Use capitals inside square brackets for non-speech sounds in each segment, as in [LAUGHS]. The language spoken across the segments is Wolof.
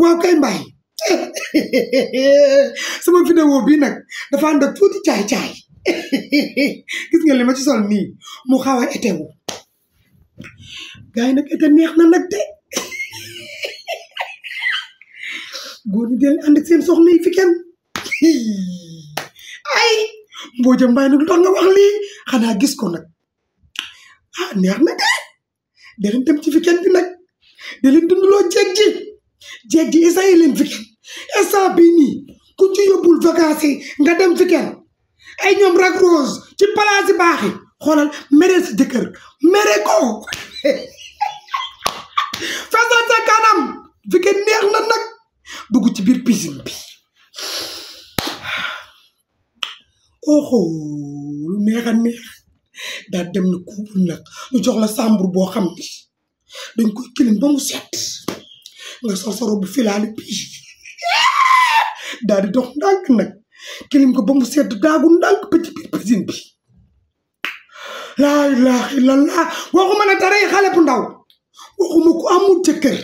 waaw kay mbay [LAUGHS] sama vidéo bii nag dafa ànd ak caay-caay [LAUGHS] gis nga li ma ci sol nii mu xaw a été wu gars yi nag été neex na nag de [LAUGHS] góor ñi del ànd seen soxna yi fi kenn ay Mbodia Mbaye nag lu nga wax lii xanaa gis ko nag ah neex na de da fi kenn bi nag da leen dundaloo jeeg ji jéggi essaye leen fii instant bii nii ku ci yóbbul vacances nga dem fi kenn ñoom rak rose ci palaas baax yi xoolal mere sa jëkkër mere ko [LAUGHS] fasal sa kanam fi kenn neex na nag dugg ci biir piscine bi oxo lu neex a neex daal dem na kuubul nag lu jox la sàmbur boo xam ni dañ koy kilim ba mu set nga sol sa robe pii [LAUGHS] daal dox ndànk nag kilim ko ba mu sedd daagu ndànk ba ci biir piscine bi laa waxuma ne dara xale bu ndaw waxuma ku amul jëkkër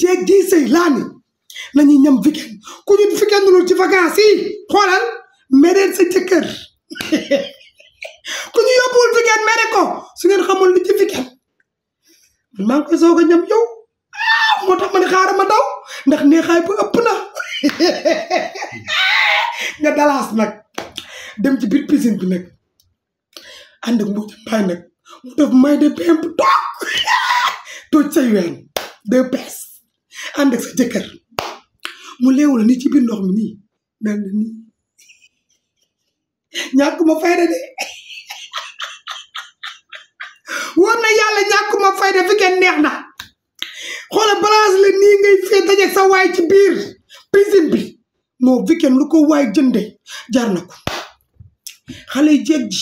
jeeg ji sëy laa ni ñam weekend ku ñu weekend lu ci vacances yi xoolal mereen jëkkër [LAUGHS] ku ñu yóbbuwul weekend mere su ngeen xamul lu ci weekend man maa ngi ñam yow moo tax ma ne xaaral ma daw ndax neexaay ba ëpp na [LAUGHS] nga dalaas nag dem ci biir piscine bi nag ànd ak mbaay nag mu def may de pemp toog [LAUGHS] tooj say ween de pees ànd sa jëkkër mu leewu ni ci biir ndox mi nii daan na nii [LAUGHS] de wóor na yàlla ñàkk ma fayda fi kenn neex na xoola balance la nii ngay fee dajeeg sa waay ci biir piscine bi moo weekend lu ko waay jënde jaar na ko xale yi jeeg ji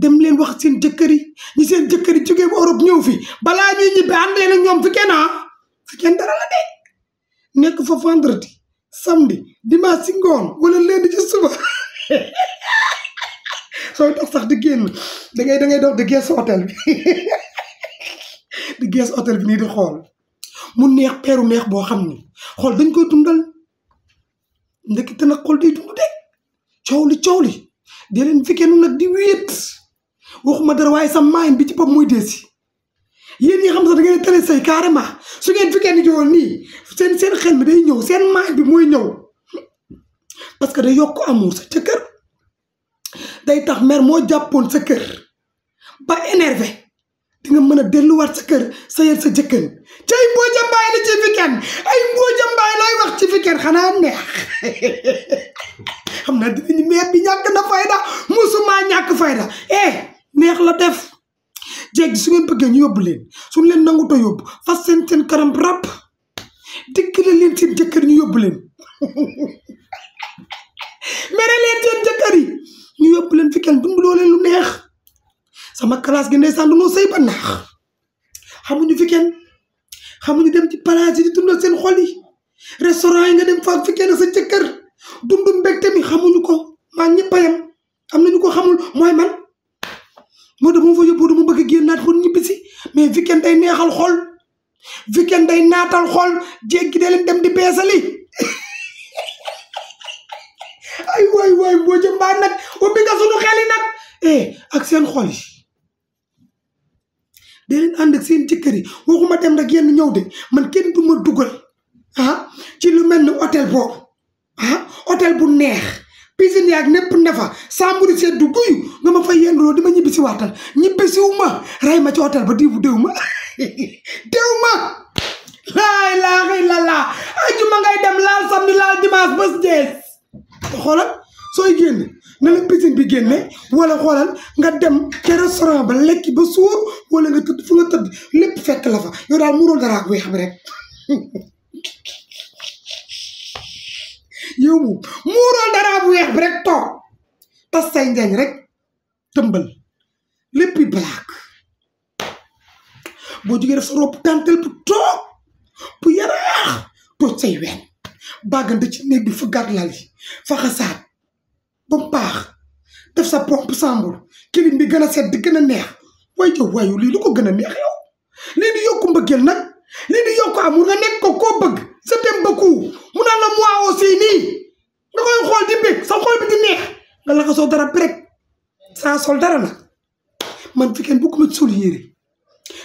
dem leen wax seen jëkkër yi ñi seen jëkkër yi jógee Europe ñëw fi balaa ñuy ñibbi ànd leen ak ñoom weekend ah weekend dara la de nekk fa vendredi samedi dimanche si ngoon wala lundi ci suba [LAUGHS] sooy dox sax di génn dangay ngay da ngay dox di gees hôtel bi [LAUGHS] di gees hôtel bi nii di xool mu neex peeru meex boo xam ni xool dañ koy dundal ndekete nag xool day dund de coow li coow li di leen fekkee nag di wéet waxuma dara waaye sa maayin bi ci bopp muy deesi yéen ñi xam sax da ngeen tere say carrément su ngeen fekkee ni jowoon nii seen seen xel mi day ñëw seen maayin bi muy ñëw parce que day yokk amour sa ca day tax mer moo jàppoon sa kër ba énervé nga mën a delluwaat sa kër sa yar sa jëkkër ci ay mbooja la ay wax ci weekend xanaa neex xam naa dinañu meer bi ñàkk na fayda musumaa ñàkk fayda eh neex la def jeeg su ngeen bëggee ñu yóbbu leen suñu leen nanguto yóbbu fas seen seen karam rab dikkale leen seen jëkkër ñu yóbbu leen [LAUGHS] mere leen seen jëkkër ñu yóbbu leen weekend dunduloo leen lu neex ma classe gi ne lu noo sëy ba naax xamuñu fi kenn xamuñu dem ci palaas yi di dundal seen xol yi restaurant yi nga dem faak fi kenn sa jëkkër dundu mbégte mi xamuñu ko maa ñëpp a yem am nañu ko xamul mooy man moo tax moom fa yóbboo dama bëgg a génnaat pour ñibbisi mais weekend day neexal xol weekend day naatal xol jéggi dee dem di beesali [LAUGHS] ay waay waay boo jëm baa nag ubbi nga sunu xel nag eh ak seen xol day leen ànd ak seen jëkkër yi waxuma dem rek yenn ñëw de man kenn du ma dugal ah ci lu mel ni hôtel boo ah hôtel bu neex piscine yaag népp ndefa samburi seddu guyu nga ma fay yendoo di ma ñibbi si waatal ñibbi siwu ma ma ci hôtel ba diibu déw ma [LAUGHS] déw ma laa ilaaha illallaa ajuma ngay dem laal samedi laal dimanche bés dees xoolal soo génn na la piscine bi génne wala xoolal nga dem ca restaurant ba lekki ba suur wala nga tëdd fu nga tëdd lépp fekk la fa yow daal muuroo dara bu weex bi rek toog tas say rek tëmbal lépp blaak boo jógee def sa robe dentelle bu toog bu yaraax tooj say ween bàggante ci néeg bi fa gàtt fa xasaat ba mu def sa pompe sambul kilim bi gën a sedd gën a neex waaye yow waaye lii lu ko gën a neex yow lii di na mbëggeel nag lii di yokku amul nga nekk ko ko bëgg sa t'aime beaucoup mu naan la moi aussi nii nga xool di bëgg sa xool bi di neex nga la ko soo dara bi rek saa sol dara nag man fi kenn bëgguma sol yére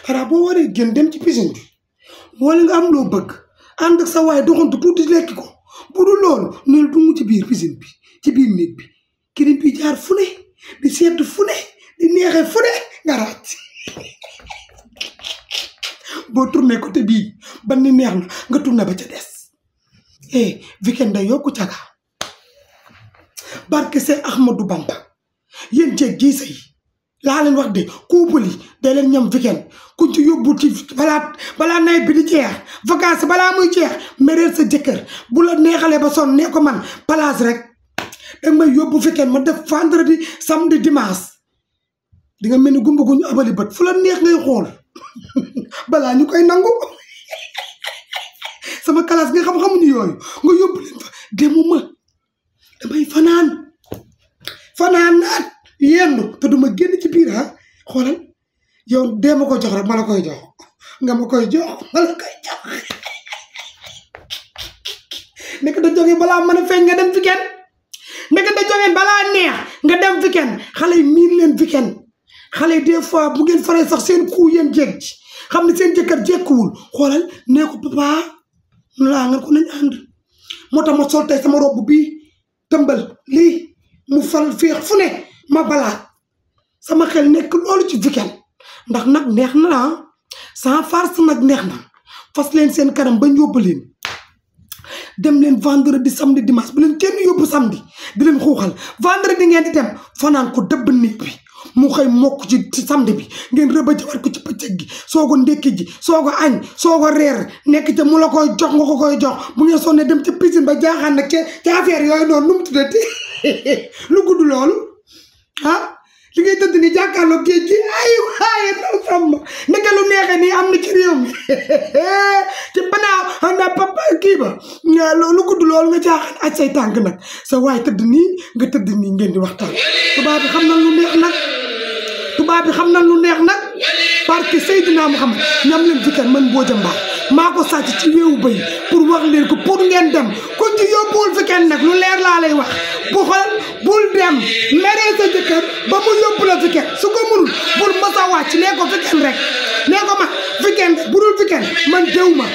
xanaa boo waree génn dem ci piscine bi wala nga am loo bëgg ànd ak sa waay doxantu tuuti lekki ko bu lool loolu neel ci biir piscine bi ci biir néeg bi kirim bi jaar fu ne di sedd di neexee fu nga raaj [LAUGHS] boo tourné côté bii ban ni neex na nga tourné ba ca des eh weekend da yokku caga barke Seex Ahmadu Bamba yéen jeeg ji sëy laa leen wax de couple yi day leen ñam weekend ku ci yóbbu ci balaa balaa nawet bi di jeex vacances balaa muy jeex mereel sa jëkkër bu la neexalee ba son nee ko man place rek danga may yóbbu weekend ma def vendredi samedi dimanche di nga mel ni gumba guñu abali bët fu la neex ngay xool [LAUGHS] balaa ñu koy nangu [LAUGHS] sama classe nga xam-xamuñu yooyu nga yóbbu leen fa demuma damay fanaan fanaan naat yendu te duma génn ci biir ah xoolal yow dee ma ko jox rek ma la koy jox nga ma koy jox da jógee balaa mën a feeñ nga dem fi kenn nekk da jógee balaa neex nga dem fi kenn xale yi miin leen kenn xale yi des fois bu ngeen faree sax seen kuu yéen jéeg xam ne seen jëkkër jékkuwul xoolal nee ko papa mu laa nga ko nañ ànd moo tax ma sol tey sama robb bii tëmbal lii mu fal féex fu ne ma balaat sama xel nekk loolu ci weekend ndax nag neex na san ah. sans farce nag neex na fas leen seen kanam bañ yóbbu leen dem leen vendredi samedi dimanche bu leen kenn yóbbu samedi di leen xuuxal vendredi ngeen di dem fanaan ko dëbb néeg bi mu xëy mokk ci ci samedi bi ngeen rëbëjëwaat ko ci bëccëg gi soo ko ndékki ji soo ko añ soo ko reer nekk ca mu la koy jox nga ko koy jox bu ngeen sonnee dem ca piscine ba jaaxaan na ca ca affaire yooyu noonu nu mu tuddati [LAUGHS] lu gudd loolu. ah li ngay tëdd ni jàkkaarloo géej gi ay waaye law sàmm ndeke lu neexee nii am na ci réew mi te [LAUGHS] banaa na papa kii ba lu gudd loolu nga caaxaan aj say tànk nag sa waay tëdd ni nga tëdd nii ngeen di waxtaan tubaab bi xam na lu neex nag tubaab xam na lu neex nag par barke Seydina Muhammad ñam leen jikkar man Mbodia Mbaye maa ko sàcc ci wéewu bay pour wax leen ko pour ngeen dem ku ci yóbbuwul fi kenn nag lu leer laa lay wax bu xool bul dem meree sa jëkkër ba mu yóbbu la weekend su ko mënul bul mës a wàcc nee ko weekend rek nee ma weekend bu dul man jëw ma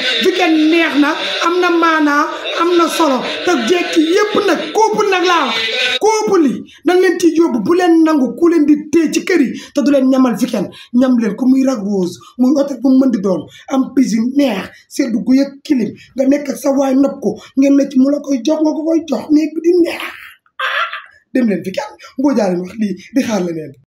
neex na am na maanaa am na solo te jekki yëpp na kóobu nag laa wax kóobu li nan leen ciy yóbbu bu leen nangu ku leen di téye ci kër yi te du leen ñamal weekend ñam leen ku muy rag rose muy hôtel bu mu mën di doon am piscine neex seddu guy ak kilim nga nekk ak sa ko ngeen ne ci mu la koy jox nga ko koy jox néeg di neex dem leen fi kenn Mbodj Aly wax lii di xaar